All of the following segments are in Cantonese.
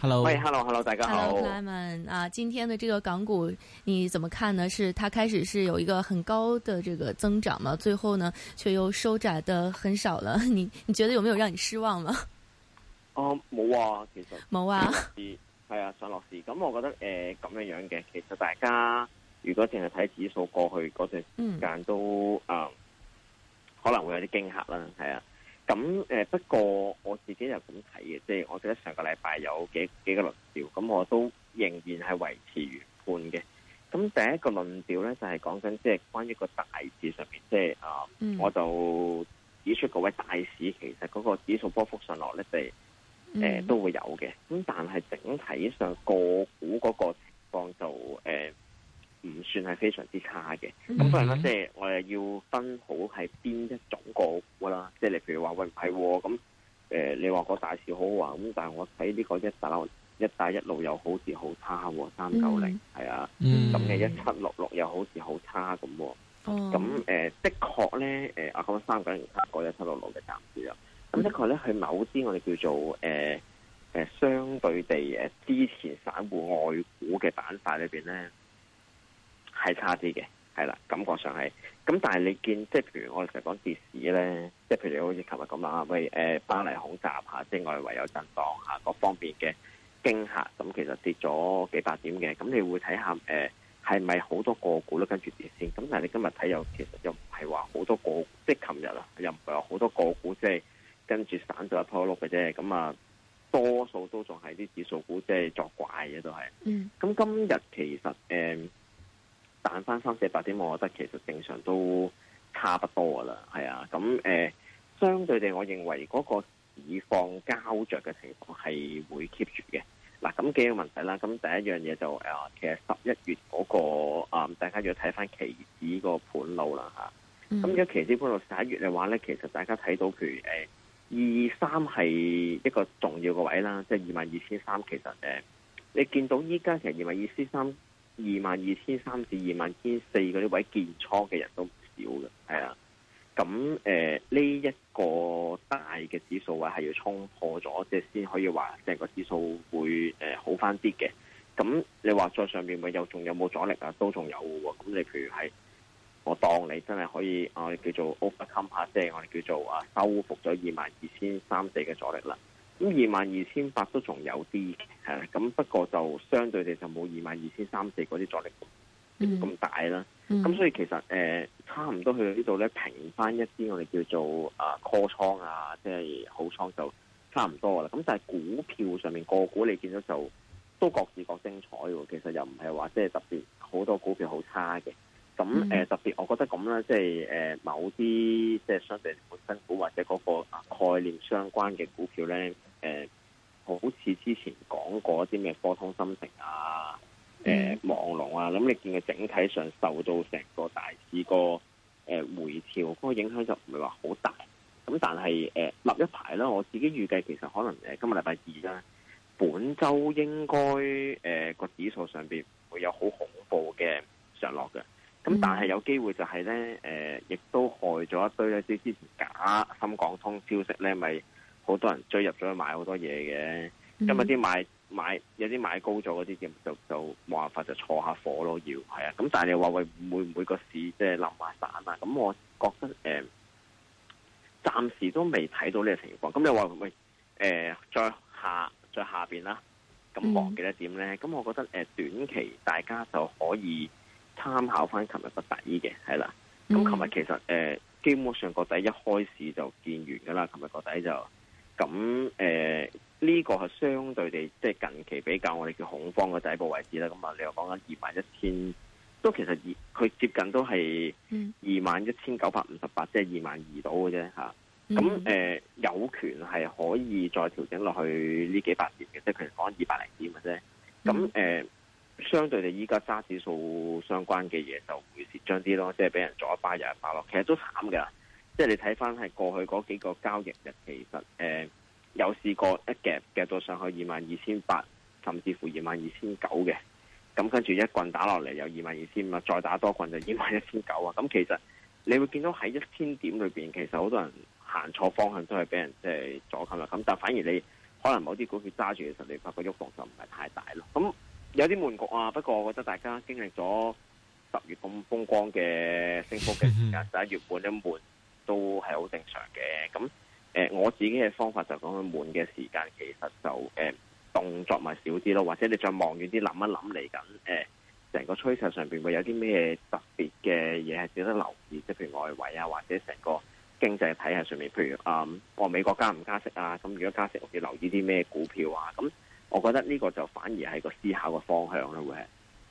hello，hey，hello，hello，大家好，Hello，Clement 啊，今天的這個港股，你怎麼看呢？是它開始是有一個很高的這個增長嘛，最後呢卻又收窄得很少了，你你覺得有沒有讓你失望啦？啊，冇啊，其實冇啊，係，係啊，上落市，咁我覺得誒咁、呃、樣樣嘅，其實大家如果淨係睇指數過去嗰段時間都啊、嗯嗯，可能會有啲驚嚇啦，係啊。咁誒、呃、不過我自己又咁睇嘅，即、就、係、是、我記得上個禮拜有幾幾個論調，咁我都仍然係維持原判嘅。咁第一個論調咧就係、是、講緊即係關於個大市上面，即係啊，嗯、我就指出各位大市其實嗰個指數波幅上落咧，誒、就是呃嗯、都會有嘅。咁但係整體上個股嗰個情況就誒、呃唔算係非常之差嘅，咁所以咧，mm hmm. 即係我哋要分好係邊一種個股啦。即係你譬如話喂唔係咁，誒、呃、你話個大市好啊，咁但係我睇呢個一帶一帶一路又好似好差喎，三九零係啊，咁嘅一七六六又好似好差咁。咁誒、呃 oh. 呃、的確咧，誒、呃 mm hmm. 我講三九零差過一七六六嘅指數啦。咁的確咧，喺某啲我哋叫做誒誒、呃呃、相對地誒之前散戶外股嘅板塊裏邊咧。係差啲嘅，係啦，感覺上係。咁但係你見，即係譬如我哋成日講跌市咧，即係譬如好似琴日咁啦，喂誒、呃、巴黎恐襲嚇，即係外圍有震盪嚇、啊，各方面嘅驚嚇，咁其實跌咗幾百點嘅。咁你會睇下誒係咪好多個股都跟住跌先？咁但係你今日睇又其實又唔係話好多個，即係琴日啊，又唔係話好多個股即係跟住散咗一拖碌嘅啫。咁啊，多數都仲係啲指數股即係作怪嘅都係。咁、嗯、今日其實誒。呃彈翻三四百點，我覺得其實正常都差不多噶啦，係啊。咁誒、呃，相對地，我認為嗰個市況膠着嘅情況係會 keep 住嘅。嗱、啊，咁幾個問題啦。咁第一樣嘢就誒、呃，其實十一月嗰、那個誒、呃，大家要睇翻期指個盤路啦吓。咁而家期指盤路十一月嘅話咧，其實大家睇到佢誒二三係一個重要嘅位啦，即係二萬二千三。其實誒、呃，你見到依家其實二萬二千三。二萬二千三至二萬二千四嗰啲位建倉嘅人都唔少嘅，係啊，咁誒呢一個大嘅指數位係要衝破咗，即係先可以話成個指數會誒、呃、好翻啲嘅。咁你話再上面咪有仲有冇阻力啊？都仲有喎。咁你譬如係我當你真係可以我哋叫做 overcome 下，即係我哋叫做啊收復咗二萬二千三四嘅阻力啦。咁二萬二千八都仲有啲，係啦。咁不過就相對地就冇二萬二千三四嗰啲阻力咁大啦。咁、嗯嗯、所以其實誒、呃、差唔多去到呢度咧，平翻一啲我哋叫做啊、呃、call 倉啊，即、就、係、是、好倉就差唔多啦。咁但係股票上面個股你見到就都各自各精彩喎。其實又唔係話即係特別好多股票好差嘅。咁誒、呃、特別，我覺得咁咧，即係誒某啲即係相對新股或者嗰個概念相關嘅股票咧。誒、呃，好似之前講過一啲咩科通芯城啊、誒網龍啊，咁你見佢整體上受到成個大市個誒回調嗰、那個影響就唔係話好大。咁但係誒、呃、立一排啦，我自己預計其實可能誒今日禮拜二啦，本週應該誒個、呃、指數上邊會有好恐怖嘅上落嘅。咁但係有機會就係咧，誒、呃、亦都害咗一堆咧，即之前假深港通消息咧咪。就是好多人追入咗去買好多嘢嘅，咁有啲買買有啲買高咗嗰啲嘅就就冇辦法就坐下火咯，要係啊。咁但係你話會唔會，每每個市即係冧埋散啊。咁、就是、我覺得誒，暫、呃、時都未睇到呢個情況。咁你話會唔會，誒、呃，再下再下邊啦，咁忘記得點咧？咁、嗯、我覺得誒、呃，短期大家就可以參考翻琴日個底嘅係啦。咁琴日其實誒、呃，基本上個底一開始就見完噶啦，琴日個底就。咁誒呢個係相對地，即、就、係、是、近期比較我哋叫恐慌嘅底部位置啦。咁啊，你又講緊二萬一千，都其實二佢接近都係二萬一千九百五十八，即係二萬二度嘅啫嚇。咁誒、呃、有權係可以再調整落去呢幾百點嘅，即係譬如講二百零點嘅啫。咁誒、嗯呃、相對地，依家揸指數相關嘅嘢就會蝕將啲咯，即係俾人做一巴又一巴咯。其實都慘㗎。即係你睇翻係過去嗰幾個交易日，其實誒、呃、有試過一夾夾到上去二萬二千八，甚至乎二萬二千九嘅。咁跟住一棍打落嚟，又二萬二千五，再打多棍就二萬一千九啊！咁其實你會見到喺一千點裏邊，其實好多人行錯方向都係俾人即係阻冚啦。咁但係反而你可能某啲股票揸住嘅時候，你發覺喐動就唔係太大咯。咁有啲悶局啊，不過我覺得大家經歷咗十月咁風光嘅升幅嘅時間，十 一月半一悶。都係好正常嘅，咁誒、呃、我自己嘅方法就講，悶嘅時間其實就誒、呃、動作咪少啲咯，或者你再望遠啲，諗一諗嚟緊誒成個趨勢上邊會有啲咩特別嘅嘢係值得留意，即係譬如外圍啊，或者成個經濟體系上面，譬如誒、嗯、美國加唔加息啊，咁如果加息，我要留意啲咩股票啊，咁我覺得呢個就反而係個思考嘅方向咯，會係。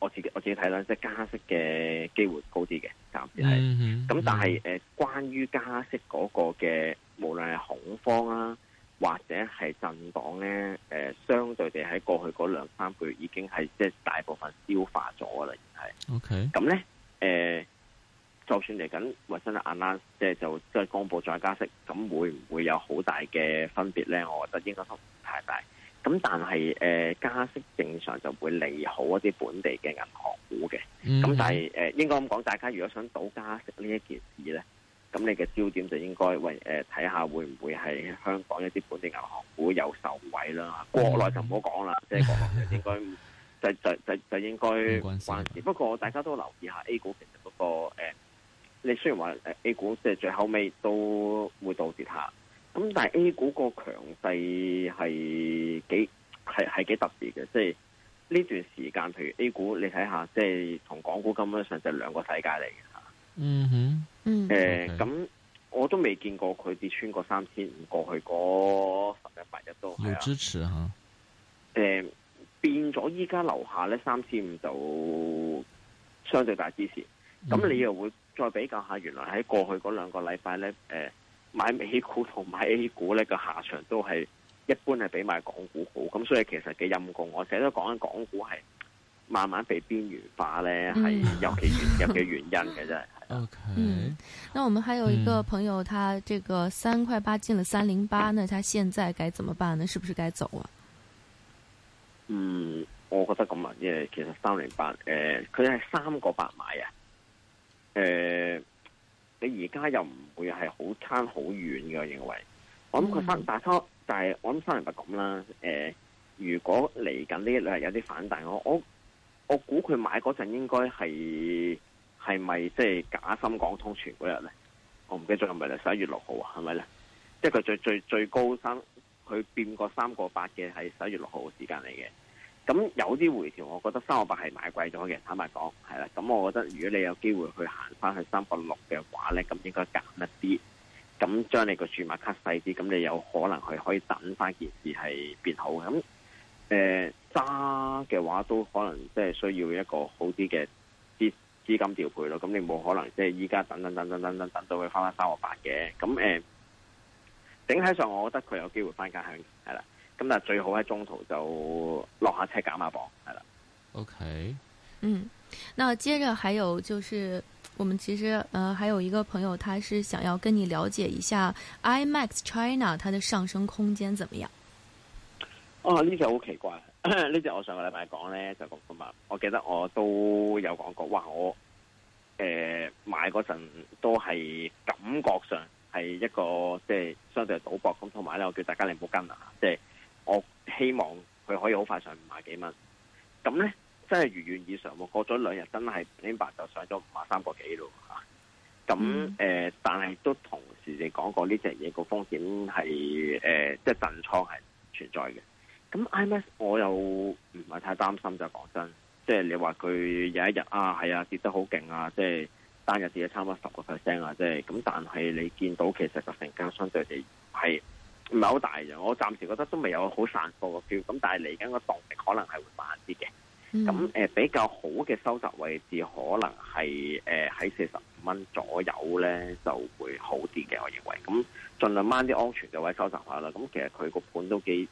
我自己我自己睇咧，即係加息嘅機會高啲嘅，暫時係。咁、mm hmm. 但係誒、呃，關於加息嗰個嘅，無論係恐慌啊，或者係震盪咧、呃，相對地喺過去嗰兩三個月已經係即係大部分消化咗噶啦，而係 Okay。OK。咁咧誒，就算嚟緊或者係 Announce 即係就即係公布再加息，咁會唔會有好大嘅分別咧？我覺得應該差唔太大。咁但係誒、呃、加息正常就會利好一啲本地嘅銀行股嘅，咁、嗯、哼但係誒、呃、應該咁講，大家如果想賭加息呢一件事咧，咁你嘅焦點就應該為誒睇下會唔會係香港一啲本地銀行股有受惠啦。國內就唔好講啦，即係、嗯、哼國內就應該就就就就應該關事。關，不過大家都留意一下 A 股其實嗰個、呃、你雖然話誒 A 股即係最後尾都會倒跌下。咁但係 A 股個強勢係幾係係幾特別嘅，即係呢段時間，譬如 A 股，你睇下，即係同港股根本上就兩個世界嚟嘅。嗯哼，誒、嗯，咁、呃、okay. 我都未見過佢跌穿過三千五，過去嗰十日八日都係支持吓、啊。誒、呃，變咗依家樓下咧三千五就相對大支持。咁、嗯、哼你又會再比較下，原來喺過去嗰兩個禮拜咧，誒、呃。買美股同買 A 股咧，個下場都係一般係比買港股好，咁所以其實幾陰功。我成日都講緊港股係慢慢被邊緣化咧，係、嗯、有其入嘅原因嘅啫。 o Okay . K，嗯，那我們還有一個朋友，他這個三塊八進了三零八，那他現在該怎麼辦呢？呢是不是該走啊？嗯，我覺得咁啊，因為其實三零八誒，佢係三個八買啊，誒、呃。你而家又唔會係好差好遠嘅、啊，我認為。我諗佢三大、嗯、但三就是，就係我諗生連就咁啦。誒，如果嚟緊呢一兩日有啲反彈，我我我估佢買嗰陣應該係係咪即係假心講通傳嗰日咧？我唔記得咗係咪咧十一月六號啊？係咪咧？即係佢最最最高生，佢變過三個八嘅係十一月六號嘅時間嚟嘅。咁有啲回調，我覺得三個八係買貴咗嘅。坦白講，係啦。咁我覺得如果你有機會去行翻去三個六嘅話咧，咁應該減一啲，咁將你個儲物卡細啲，咁你有可能去可以等翻件事係變好的。咁誒揸嘅話都可能即係需要一個好啲嘅資資金調配咯。咁你冇可能即係依家等等等等等等等到佢翻翻三個八嘅。咁誒、呃、整體上，我覺得佢有機會翻家鄉，係啦。咁但最好喺中途就落下車減下磅，係啦。OK，嗯，那接着還有就是，我們其實，呃，還有一個朋友，他是想要跟你了解一下 IMAX China 它的上升空間怎麼樣？哦呢隻好奇怪，呢隻我上個禮拜講呢，就咁噶我記得我都有講過，話我，誒、呃、買嗰陣都係感覺上係一個即係相對係賭博咁，同埋呢，我叫大家你唔好跟啊，即係。我希望佢可以好快上五萬幾蚊，咁咧真係如願以償喎。過咗兩日真係 link 百就上咗五萬三個幾咯嚇。咁誒、嗯呃，但係都同時你講過呢隻嘢個風險係誒，即、呃、係、就是、震倉係存在嘅。咁 IMX 我又唔係太擔心，就講真，即、就、係、是、你話佢有一日啊，係啊跌得好勁啊，即、就、係、是、單日跌咗差唔多十個 percent 啊，即係咁。但係你見到其實個成交相對地係是唔係好大嘅，我暫時覺得都未有好散貨嘅 feel。咁但係嚟緊個動力可能係會慢啲嘅。咁誒、嗯嗯、比較好嘅收集位置，可能係誒喺四十五蚊左右咧就會好啲嘅。我認為咁，儘量掹啲安全嘅位收集下啦。咁其實佢個盤都幾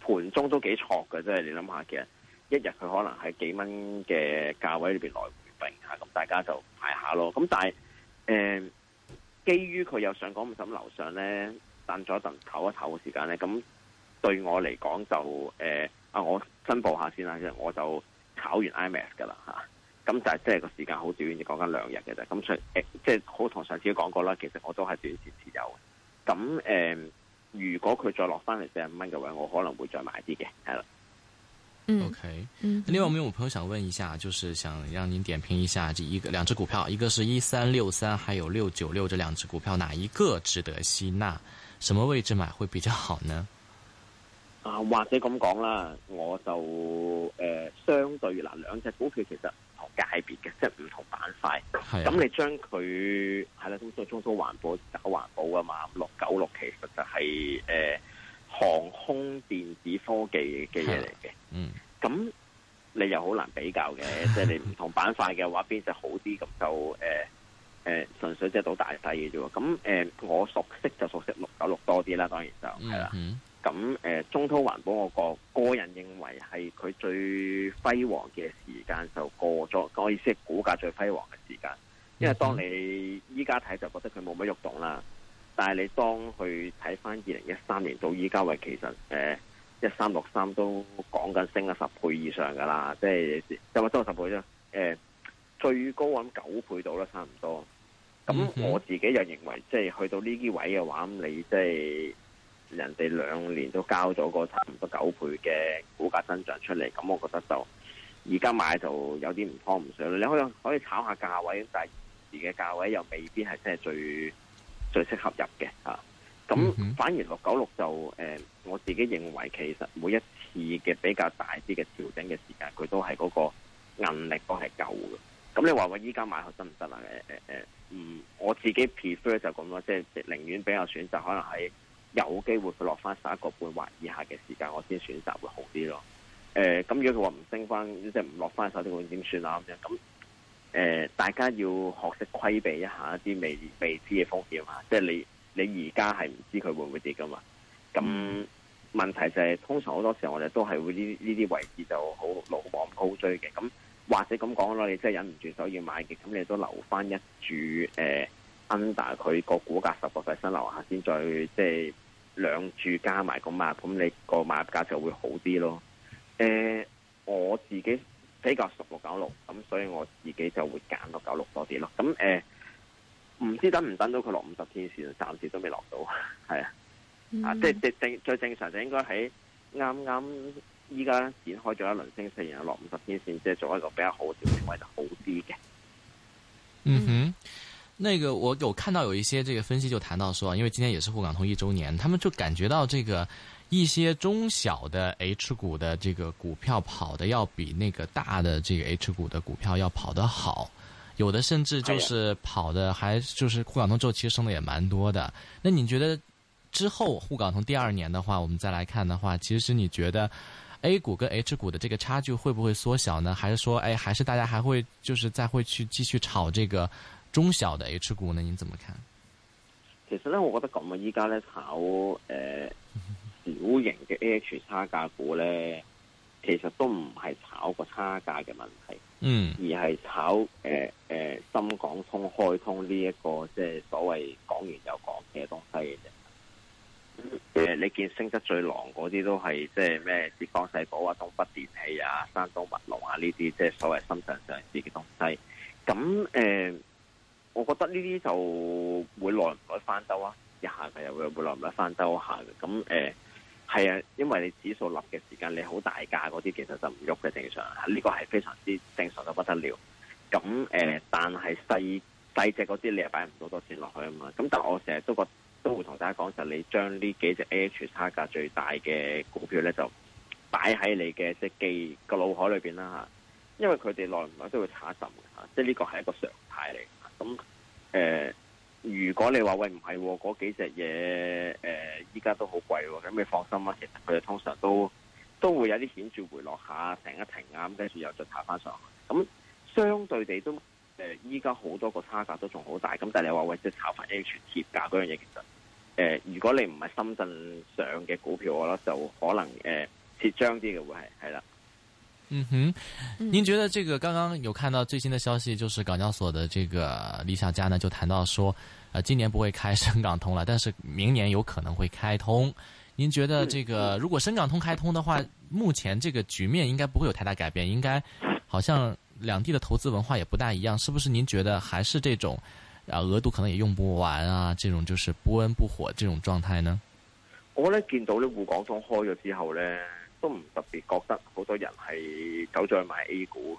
盤中都幾錯嘅，即係你諗下，其實一日佢可能喺幾蚊嘅價位裏邊來回並下，咁大家就買一下咯。咁但係誒、呃，基於佢又想不想留上港五十樓上咧。等咗一陣，唞一唞嘅時間咧，咁對我嚟講就誒啊、呃！我申報下先啦，其實我就炒完 IMX a 噶啦嚇，咁、啊、就係即係個時間好短、欸，就講緊兩日嘅啫。咁除誒，即係好同上次都講過啦，其實我都係短線持有。咁、呃、如果佢再落翻嚟四十五蚊嘅位，我可能會再買啲嘅，係啦。O K、嗯。嗯、另外，我有個朋友想問一下，就是想讓您點評一下，一個兩隻股票，一個是一三六三，還有六九六，這兩隻股票哪一個值得吸納？什麼位置買會比較好呢？啊，或者咁講啦，我就誒、呃、相對嗱，兩隻股票其實唔同界別嘅，即係唔同板塊。係咁，你將佢係啦，中蘇中蘇環保搞環保啊嘛，六九六其實就係、是、誒、呃、航空電子科技嘅嘢嚟嘅。嗯，咁你又好難比較嘅， 即係你唔同板塊嘅話，邊隻好啲咁就誒。呃誒，純、呃、粹即係賭大細嘅啫喎。咁誒、呃，我熟悉就熟悉六九六多啲啦，當然就係、mm hmm. 啦。咁、呃、誒，中滔環保我個個人認為係佢最輝煌嘅時間就過咗。我意思係股價最輝煌嘅時間，因為當你依家睇就覺得佢冇乜喐動啦。但係你當去睇翻二零一三年到依家，話其實誒一三六三都講緊升咗十倍以上噶啦，即係有冇多十倍啫？咁九倍到啦，差唔多。咁我自己又認為，嗯、哼即係去到呢啲位嘅話，咁你即係人哋兩年都交咗個差唔多九倍嘅股價增長出嚟，咁我覺得就而家買就有啲唔方唔上啦。你可以可以炒下價位，但係而家嘅價位又未必係即係最最適合入嘅嚇。咁、嗯、哼反而六九六就誒、呃，我自己認為其實每一次嘅比較大啲嘅調整嘅時間，佢都係嗰個韌力都係夠嘅。咁你話我依家買學得唔得啊？誒誒誒，嗯，我自己 prefer 就咁咯，即係寧願比較選擇，可能喺有機會佢落翻十一個半或以下嘅時間，我先選擇會好啲咯。誒、呃，咁如果佢話唔升翻，即係唔落翻手，呢個點算啦。咁樣咁誒，大家要學識規避一下一啲未未知嘅風險啊！即係你你而家係唔知佢會唔會跌噶嘛？咁、嗯、問題就係通常好多時候我哋都係會呢呢啲位置就好魯莽高追嘅咁。或者咁講咯，你真係忍唔住手要買嘅，咁你都留翻一注誒、呃、under 佢個股價十個 percent 樓下先，再即係兩注加埋咁碼，咁你個買入價就會好啲咯。誒、呃，我自己比較熟六九六，咁所以我自己就會揀六九六多啲咯。咁誒，唔、呃、知等唔等到佢落五十天線，暫時都未落到，係啊，嗯、啊，即係即係最正常就應該喺啱啱。剛剛依家展開咗一輪升勢，然後落五十天線，即係做一個比較好嘅調整位就好啲嘅。嗯哼，那個我有看到有一些這個分析就談到說，說因為今天也是滬港通一周年，他們就感覺到這個一些中小的 H 股的這個股票跑的要比那個大的這個 H 股的股票要跑得好，有的甚至就是跑的，還就是滬港通之後其實升得也蠻多的。那你覺得之後滬港通第二年的話，我們再來看的話，其實你覺得？A 股跟 H 股的這個差距會不會縮小呢？還是說，誒、哎，還是大家還會就是再會去繼續炒這個中小的 H 股呢？你怎麼看？其實咧，我覺得咁啊，依家咧炒誒、呃、小型嘅 A H 差價股咧，其實都唔係炒個差價嘅問題，嗯，而係炒誒誒、呃呃、深港通開通呢、這、一個即係所謂講完就講嘅東西嘅啫。誒，嗯嗯、你見升得最狼嗰啲都係即係咩？浙江世寶啊、東北電氣啊、山東墨龍啊呢啲，即係所謂深圳上市嘅東西。咁誒、嗯，我覺得呢啲就會耐唔耐翻兜啊，一下嘅又會會耐唔耐翻兜下嘅。咁誒，係啊，嗯、因為你指數立嘅時間，你好大價嗰啲，其實就唔喐嘅正常，呢、這個係非常之正常到不得了。咁誒、嗯，但係細細隻嗰啲，你又擺唔到多錢落去啊嘛？咁但係我成日都覺。都會同大家講就，你將呢幾隻 A H 差價最大嘅股票咧，就擺喺你嘅即係記個腦海裏邊啦嚇。因為佢哋耐唔耐都會炒一陣嘅嚇，即係呢個係一個常態嚟。咁誒、呃，如果你話喂唔係嗰幾隻嘢誒，依、呃、家都好貴喎、喔，咁你放心啦。其實佢哋通常都都會有啲顯著回落下，停一停啊，咁跟住又再炒翻上去。咁相對地都誒，依家好多個差價都仲好大。咁但係你話喂，即係炒翻 A H 貼價嗰樣嘢，其實～呃、如果你唔係深圳上嘅股票，我覺得就可能誒跌張啲嘅會係係啦。嗯哼，您覺得這個剛剛有看到最新的消息，就是港交所的這個李小加呢就談到說、呃，今年不會開深港通了，但是明年有可能會開通。您覺得這個如果深港通開通的話，目前這個局面應該不會有太大改變。應該好像兩地的投資文化也不大一樣，是不是？您覺得還是這種？啊，額度可能也用不完啊，這種就是不温不火這種狀態呢？我咧見到呢滬港通開咗之後咧，都唔特別覺得好多人係走咗去買 A 股。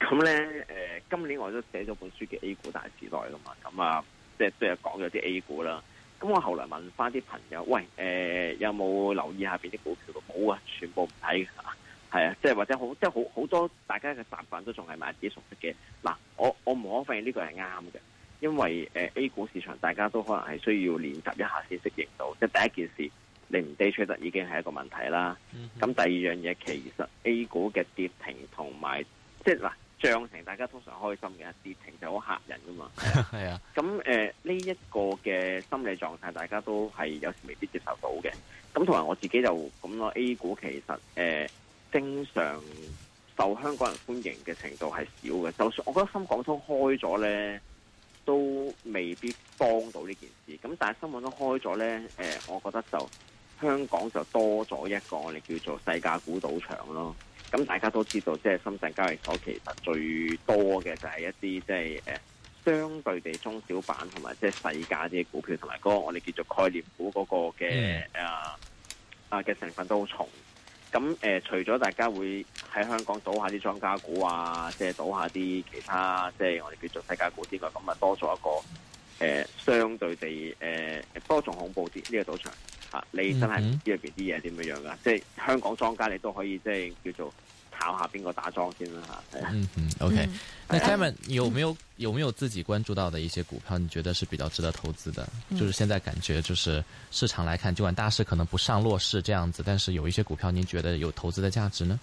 咁 咧，誒、呃，今年我都寫咗本書嘅《A 股大時代》噶嘛，咁啊，即係都有講咗啲 A 股啦。咁、嗯、我後來問翻啲朋友，喂，誒、呃，有冇留意下邊啲股票？冇啊，全部唔睇。係啊，即係或者好，即係好好多，大家嘅習慣都仲係買自己的熟悉嘅。嗱，我我唔可發現呢個係啱嘅。因為誒、呃、A 股市場，大家都可能係需要練習一下先適應到，即係第一件事，你唔 day trade 已經係一個問題啦。咁、嗯、哼第二樣嘢，其實 A 股嘅跌停同埋，即係嗱，漲、啊、停大家通常開心嘅，跌停就好吓人噶嘛。係 啊，咁誒呢一個嘅心理狀態，大家都係有時未必接受到嘅。咁同埋我自己就咁咯、啊、，A 股其實誒、呃、正常受香港人歡迎嘅程度係少嘅。就算我覺得深港通開咗呢。都未必幫到呢件事，咁但係新聞都開咗呢，誒，我覺得就香港就多咗一個我哋叫做細價股賭場咯。咁大家都知道，即係深圳交易所其實最多嘅就係一啲即係誒相對地中小板同埋即係細價啲嘅股票，同埋嗰個我哋叫做概念股嗰個嘅誒 Yeah. 啊嘅、啊、成分都好重。咁誒、呃，除咗大家會喺香港賭下啲莊家股啊，即係賭下啲其他，即係我哋叫做世界股之外，咁啊多咗一個誒、呃，相對地誒、呃，多仲恐怖啲呢個賭場、啊、你真係唔知入邊啲嘢點樣樣㗎，即係香港莊家你都可以即係叫做。考下邊個打樁先啦、啊啊嗯。嗯嗯，OK。那 Kevin 有沒有有沒有自己關注到的一些股票？你覺得是比較值得投資的？嗯、就是現在感覺，就是市場來看，盡管大市可能不上落市這樣子，但是有一些股票，你覺得有投資的價值呢？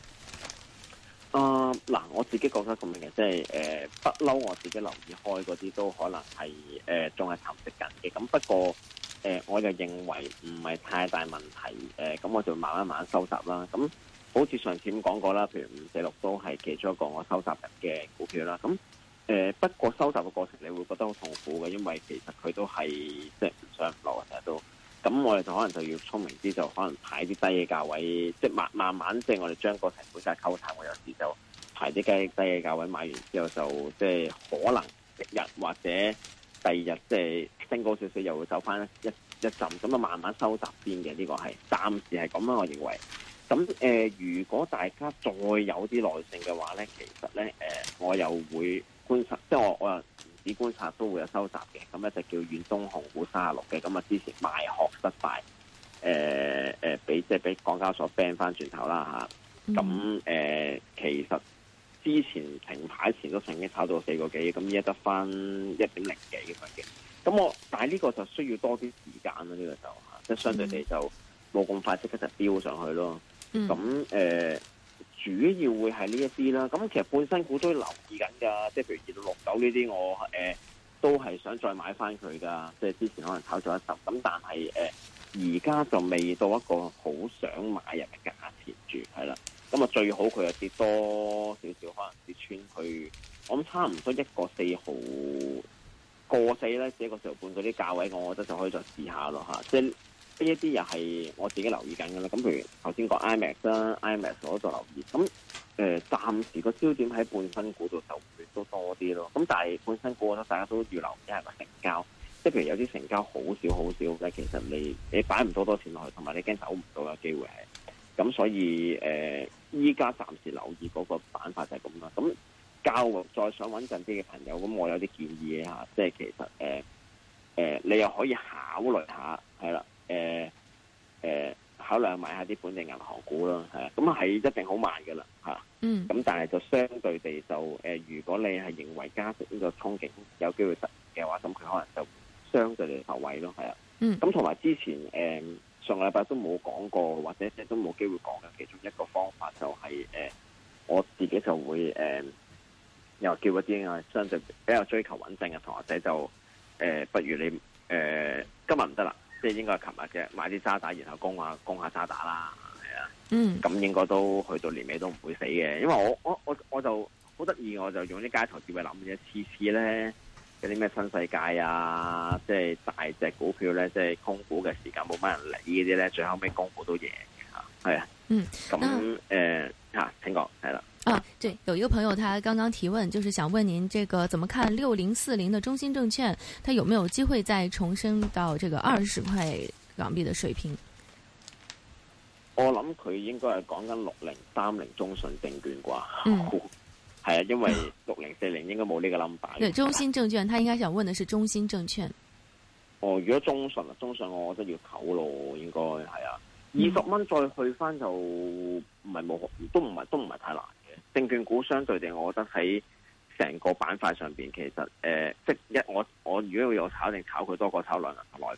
啊、嗱、呃，我自己覺得咁樣嘅，即係誒，不、呃、嬲，我自己留意開嗰啲都可能係誒、呃、仲係投資緊嘅。咁不過誒、呃，我就認為唔係太大問題。誒、呃，咁我就慢慢慢慢收集啦。咁。好似上次咁講過啦，譬如五四六都係其中一個我收集入嘅股票啦。咁誒、呃、不過收集嘅過程，你會覺得好痛苦嘅，因為其實佢都係即係唔上唔落嘅都。咁我哋就可能就要聰明啲，就可能排啲低嘅價位，即係慢慢慢即係我哋將個成本再溝淡。我有時就排啲低低嘅價位買完之後就，就即係可能即日或者第二日即係升高少少，又會走翻一一一陣。咁啊，慢慢收集先嘅呢、呢個係暫時係咁啦，我認為。咁誒、呃，如果大家再有啲耐性嘅話咧，其實咧誒、呃，我又會觀察，即係我我又唔止觀察都會有收集嘅。咁一隻叫遠東控股三啊六嘅，咁啊之前賣殼失敗，誒、呃、誒，俾、呃、即係俾港交所 ban 翻轉頭啦嚇。咁誒、mm. 呃，其實之前停牌前都曾經炒到四個多幾個多，咁依家得翻一點零幾咁嘅。咁我但係呢個就需要多啲時間啦，呢、呢個就嚇，即係相對地就冇咁快即刻就飆上去咯。咁誒、嗯呃、主要會係呢一啲啦，咁其實半新股都留意緊㗎，即係譬如二六九呢啲，我、呃、誒都係想再買翻佢㗎，即係之前可能炒咗一集，咁但係誒而家就未到一個好想買入嘅價錢住，係啦，咁啊最好佢又跌多少少，可能跌穿佢，我諗差唔多一個四毫個四咧，一個四毫半嗰啲價位，我覺得就可以再試下咯嚇，即係。呢一啲又係我自己留意緊嘅啦，咁譬如頭先講 IMAX 啦，IMAX 我在、呃、在都，一都在留意。咁誒，暫時個焦點喺半新股度就都多啲咯。咁但係半新股我覺得大家都預留，一係個成交？即係譬如有啲成交好少好少嘅，其實你你擺唔多多錢落去，同埋你驚走唔到嘅機會。咁所以誒，依家暫時留意嗰個板塊就係咁啦。咁交再想穩陣啲嘅朋友，咁我有啲建議嘅吓，即係其實誒誒、呃呃，你又可以考慮下，係啦。誒誒，考慮買下啲本地銀行股咯，係啊，咁係一定好慢噶啦，吓，嗯，咁、啊啊嗯、但係就相對地就誒、呃，如果你係認為加息呢個憧憬有機會實現嘅話，咁佢可能就相對地受惠咯，係啊，咁同埋之前誒、呃、上個禮拜都冇講過，或者即係都冇機會講嘅，其中一個方法就係、是、誒、呃，我自己就會誒，又、呃、叫一啲啊，相對比較追求穩定嘅同學仔就誒、呃，不如你誒。呃即係應該係琴日啫，買啲渣打，然後供下供下渣打啦，啊，咁、mm. 應該都去到年尾都唔會死嘅，因為我我我我就好得意，我就用啲街頭智慧諗嘅，次次咧嗰啲咩新世界啊，即係大隻股票咧，即係供股嘅時間冇乜人理呢啲咧最後尾供好多嘢嘅啊，嗯，咁誒嚇，請講係啦。啊，對，有一個朋友他剛剛提問，就是想問您這個怎麼看六零四零的中信證券，他有沒有機會再重申到這個二十塊港幣的水平？我諗佢應該係講緊六零三零中信證券啩，係啊，因為六零四零應該冇呢個 number。對，中信證券，他應該想問的是中信證券。哦，如果中信，中信我覺得要扣咯，應該係啊，二十蚊再去返就唔係冇，都唔係都唔係太難。證券股相對地，我覺得喺成個板塊上邊，其實誒、呃，即一我我如果要有炒，一定炒佢多過炒內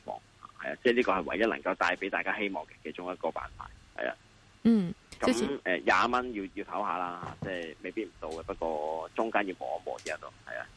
房，係啊，即係呢個係唯一能夠帶俾大家希望嘅其中一個板塊，係啊，嗯，咁誒廿蚊要要炒下啦，即係未必唔到嘅，不過中間要磨一磨先咯，係啊。是